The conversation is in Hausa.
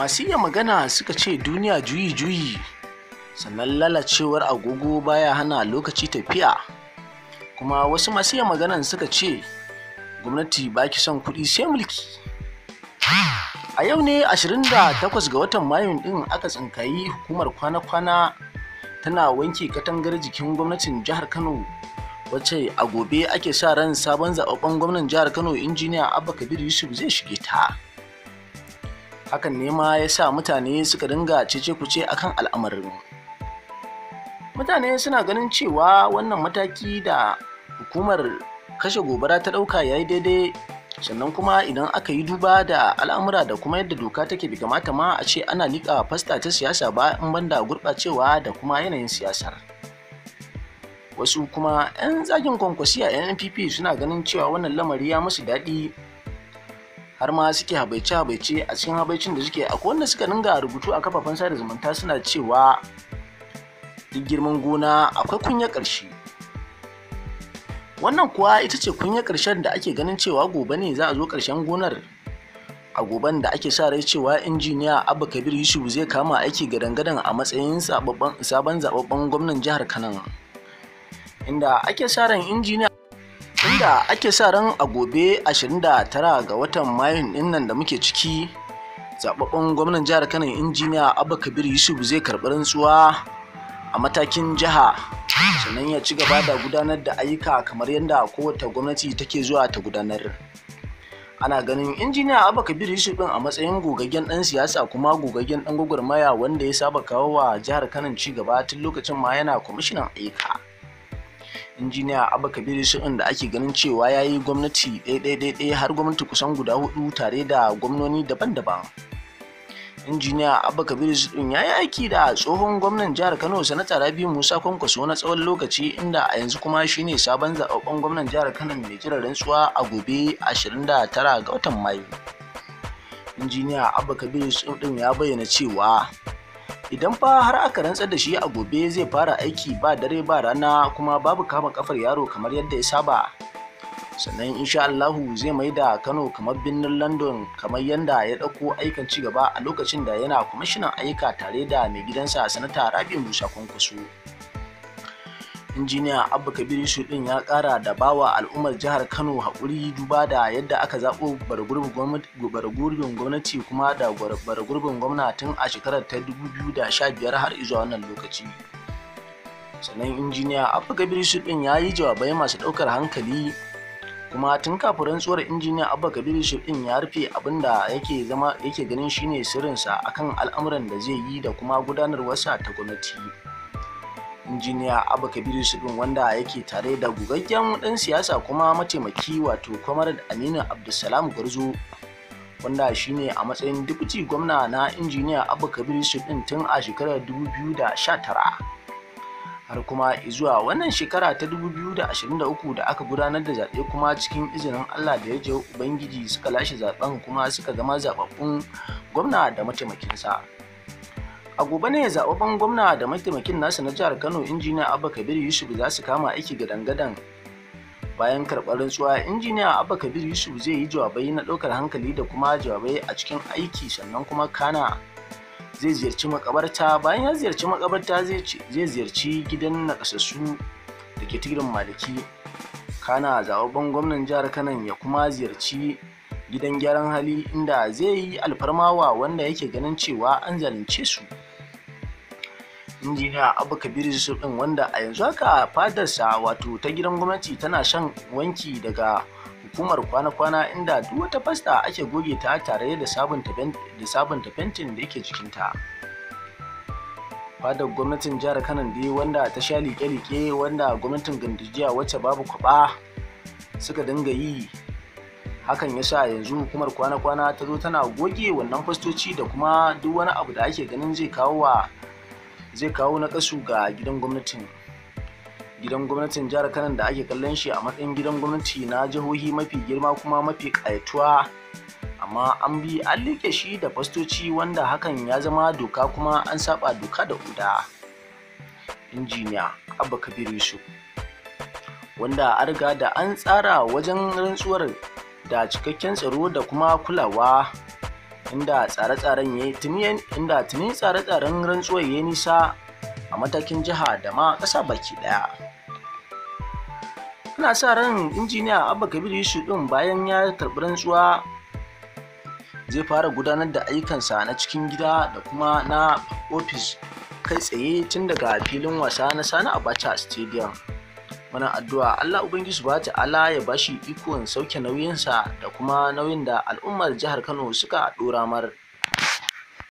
masu iya magana suka ce duniya juyi-juyi sannan lalacewar agogo baya hana lokaci tafiya kuma wasu masu iya maganan suka ce gwamnati ba ki son kuɗi sai mulki a yau ne 28 ga watan mayun ɗin aka tsinkayi hukumar kwana-kwana tana wanke katangar jikin gwamnatin jihar kano wacce a gobe ake sa ran sabon zababben gwamnan jihar kano injiniya abba kabir yusuf zai shige ta hakan ne ma ya sa mutane suka dinga cece kuce akan al'amarin mutane suna ganin cewa wannan mataki da hukumar kashe gobara ta ɗauka ya yi daidai sannan kuma idan aka yi duba da al'amura da kuma yadda doka take bi kamata ma a ce ana liƙa fasta ta siyasa ba in banda gurɓacewa da kuma yanayin siyasar wasu kuma 'yan zagin kwankwasiya 'yan npp suna ganin cewa wannan lamari ya musu daɗi har ma suke habaice habaice a cikin habaicin da suke akwai wanda suka ninga rubutu a kafafen sada zumunta suna cewa duk girman gona akwai kunya ƙarshe wannan kuwa ita ce kunya ƙarshen da ake ganin cewa gobe ne za a zo ƙarshen gonar a goben da ake sa rai cewa injiniya abu kabir yusuf zai kama aiki gadan-gadan a matsayin sabon zababben gwamnan jihar kanan inda ake sa ran injiniya da ake sa ran a gobe 29 ga watan mayun dinnan da muke ciki zababben gwamnan jihar kano injiniya abba kabir yusuf zai karɓi rantsuwa a matakin jiha sannan ya ci gaba da gudanar da ayyuka kamar yadda kowace gwamnati take zuwa ta gudanar ana ganin injiniya abba kabir yusuf din a matsayin gogaggen dan siyasa kuma gogaggen dan gwagwarmaya wanda ya saba kawo wa jihar kano ci gaba tun lokacin ma yana kwamishinan ayyuka injiniya abu kabiru shirin da ake ganin cewa ya yi gwamnati ɗaiɗaiɗaiɗai har gwamnati kusan guda hudu tare da gwamnoni daban-daban injiniya abba kabiru shirin ya yi aiki da tsohon gwamnan jihar kano sanata rabi musa kwankwaso na tsawon lokaci inda a yanzu kuma shine sabon zaɓaɓɓen gwamnan jihar kano mai jiran rantsuwa a gobe 29 ga watan mayu injiniya abba kabiru shirin ya bayyana cewa idan fa har aka rantsar da shi a gobe zai fara aiki ba dare ba rana kuma babu kama kafar yaro kamar yadda ya saba sannan insha Allahu zai mai da Kano kamar birnin London kamar yadda ya ɗauko aikan ci gaba a lokacin da yana kwamishinan aika tare da mai gidansa sanata Rabi Musa Kwankwaso. injiniya abba kabiru shudin ya kara da bawa al'ummar jihar kano haƙuri duba da yadda aka zaɓo baragurbin gwamnati kuma da baragurbin gwamna tun a shekarar ta 2015 har izuwa wannan lokaci sanan injiniya abba kabiru shudin ya yi jawabai masu ɗaukar hankali kuma tun kafin rantsuwar injiniya abba kabiru shudin ya rufe abin da yake zama yake ganin shine sirrinsa akan al'amuran da zai yi da kuma gudanarwarsa ta gwamnati. injiniya abu kabir sudin wanda yake tare da gugaggen dan siyasa kuma mataimaki wato kwamarar aminu abdulsalam garzo wanda shine a matsayin dubuci gwamna na injiniya abu kabir sudin tun a shekarar 2019 har kuma izuwa wannan shekara ta 2023 da aka gudanar da zaɓe kuma cikin izinin allah da ya je ubangiji suka lashe zaɓen kuma suka zama zaɓaɓɓun gwamna da mataimakinsa. a gobe ne zababben gwamna da mataimakin nasa na jihar kano injiniya abba kabir yusuf za su kama aiki gadan-gadan bayan karɓar rantsuwa injiniya abba kabir yusuf zai yi jawabai na ɗaukar hankali da kuma jawabai a cikin aiki sannan kuma kana zai ziyarci makabarta bayan ya ziyarci makabarta zai ziyarci gidan nakasassu da ke tigirin maliki kana zababben gwamnan jihar Kano, ya kuma ziyarci gidan gyaran hali inda zai yi alfarmawa wanda yake ganin cewa an zalunce su injiniya abu kabir yusuf din wanda a yanzu haka fadarsa wato ta gidan gwamnati tana shan wanki daga hukumar kwana-kwana inda duk wata fasta ake goge ta tare da sabunta fentin da yake jikinta fadar gwamnatin jihar kanan dai wanda ta sha like-like wanda gwamnatin gandajiya wacce babu kwaba suka dinga yi hakan ya sa yanzu hukumar kwana-kwana ta zo tana goge wannan fastoci da kuma duk wani abu da ake ganin zai kawo wa zai kawo na kasu ga gidan gwamnatin gidan gwamnatin jihar kano da ake kallon shi a matsayin gidan gwamnati na jihohi mafi girma kuma mafi ƙayatuwa amma an bi an liƙe shi da fastoci wanda hakan ya zama doka kuma an saba doka da oda injiniya abba kabir yusuf wanda an riga da an tsara wajen rantsuwar da cikakken tsaro da kuma kulawa inda tsare-tsaren ya tuni inda tuni tsare-tsaren rantsuwar ya nisa a matakin jiha da ma ƙasa baki ɗaya. Ana sa ran injiniya Abba Kabir yusu ɗin bayan ya karɓi rantsuwa zai fara gudanar da ayyukansa na cikin gida da kuma na ofis kai tsaye tun daga filin wasa na Sani Abacha Stadium. muna addu'a Allah Ubangiji subhanahu ta'ala ya bashi ikon sauke nauyinsa da kuma nauyin da al'ummar jihar Kano suka dora mar.